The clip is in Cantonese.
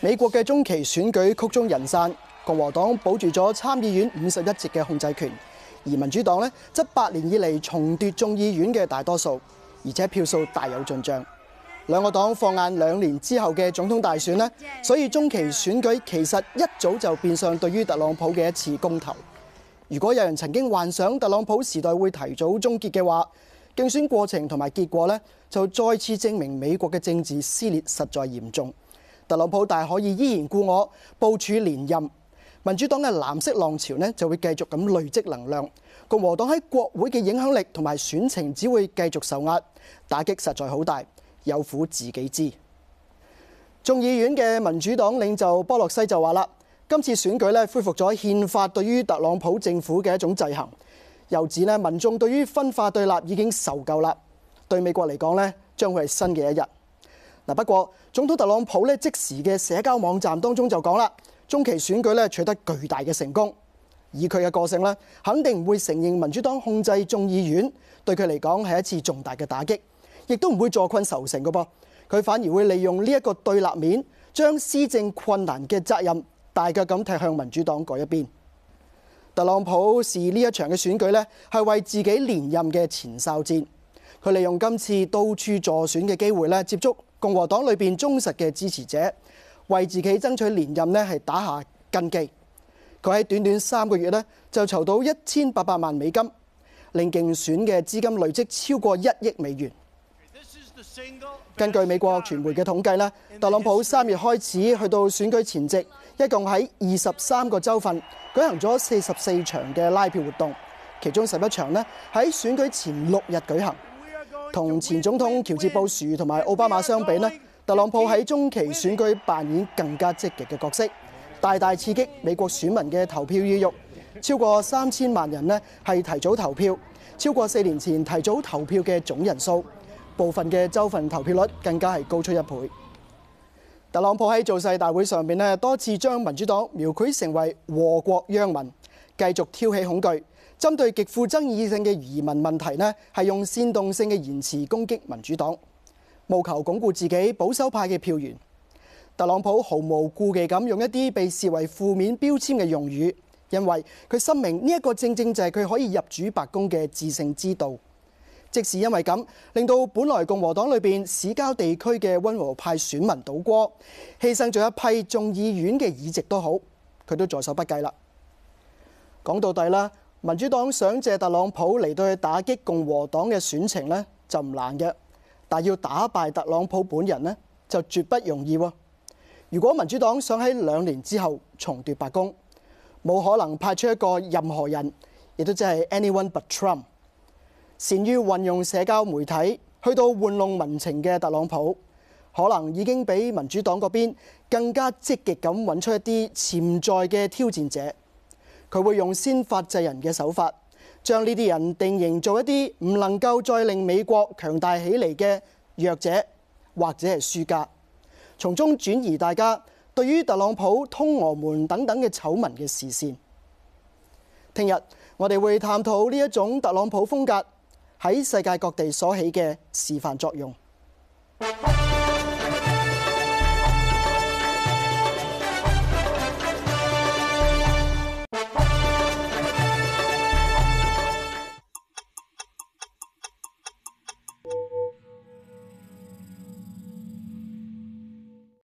美國嘅中期選舉曲終人散，共和黨保住咗參議院五十一席嘅控制權，而民主黨呢則八年以嚟重奪眾議院嘅大多數，而且票數大有進賬。兩個黨放眼兩年之後嘅總統大選呢，所以中期選舉其實一早就變相對於特朗普嘅一次公投。如果有人曾經幻想特朗普時代會提早終結嘅話，競選過程同埋結果呢就再次證明美國嘅政治撕裂實在嚴重。特朗普大可以依然故我部署連任，民主黨嘅藍色浪潮呢就會繼續咁累積能量，共和黨喺國會嘅影響力同埋選情只會繼續受壓，打擊實在好大，有苦自己知。眾議院嘅民主黨領袖波洛西就話啦，今次選舉咧恢復咗憲法對於特朗普政府嘅一種制衡，又指咧民眾對於分化對立已經受夠啦，對美國嚟講咧將會係新嘅一日。不過總統特朗普咧即時嘅社交網站當中就講啦，中期選舉咧取得巨大嘅成功。以佢嘅個性咧，肯定唔會承認民主黨控制眾議院，對佢嚟講係一次重大嘅打擊，亦都唔會坐困愁城嘅噃。佢反而會利用呢一個對立面，將施政困難嘅責任大腳咁踢向民主黨嗰一邊。特朗普視呢一場嘅選舉咧，係為自己連任嘅前哨戰。佢利用今次到處助選嘅機會咧，接觸共和黨裏面忠實嘅支持者，為自己爭取連任呢，係打下根基。佢喺短短三個月呢就籌到一千八百萬美金，令競選嘅資金累積超過一億美元。根據美國傳媒嘅統計呢，特朗普三月開始去到選舉前夕，一共喺二十三個州份舉行咗四十四場嘅拉票活動，其中十一場咧喺選舉前六日舉行。同前總統喬治布殊同埋奧巴馬相比呢，特朗普喺中期選舉扮演更加積極嘅角色，大大刺激美國選民嘅投票意欲。超過三千萬人呢係提早投票，超過四年前提早投票嘅總人數。部分嘅州份投票率更加係高出一倍。特朗普喺造勢大會上面呢，多次將民主黨描繪成為禍國殃民，繼續挑起恐懼。針對極富爭議性嘅移民問題咧，係用煽動性嘅言辭攻擊民主黨，務求鞏固自己保守派嘅票源。特朗普毫無顧忌咁用一啲被視為負面標籤嘅用語，因為佢深明呢一個正正就係佢可以入主白宮嘅致勝之道。即使因為咁，令到本來共和黨裏邊市郊地區嘅温和派選民倒戈，犧牲咗一批眾議院嘅議席都好，佢都在所不計啦。講到底啦。民主黨想借特朗普嚟到去打擊共和黨嘅選情咧，就唔難嘅。但要打敗特朗普本人咧，就絕不容易喎。如果民主黨想喺兩年之後重奪白宮，冇可能派出一個任何人，亦都即係 Anyone but Trump。善於運用社交媒體去到玩弄民情嘅特朗普，可能已經比民主黨嗰邊更加積極咁搵出一啲潛在嘅挑戰者。佢會用先發制人嘅手法，將呢啲人定型做一啲唔能夠再令美國強大起嚟嘅弱者，或者係輸家，從中轉移大家對於特朗普、通俄門等等嘅醜聞嘅視線。聽日我哋會探討呢一種特朗普風格喺世界各地所起嘅示範作用。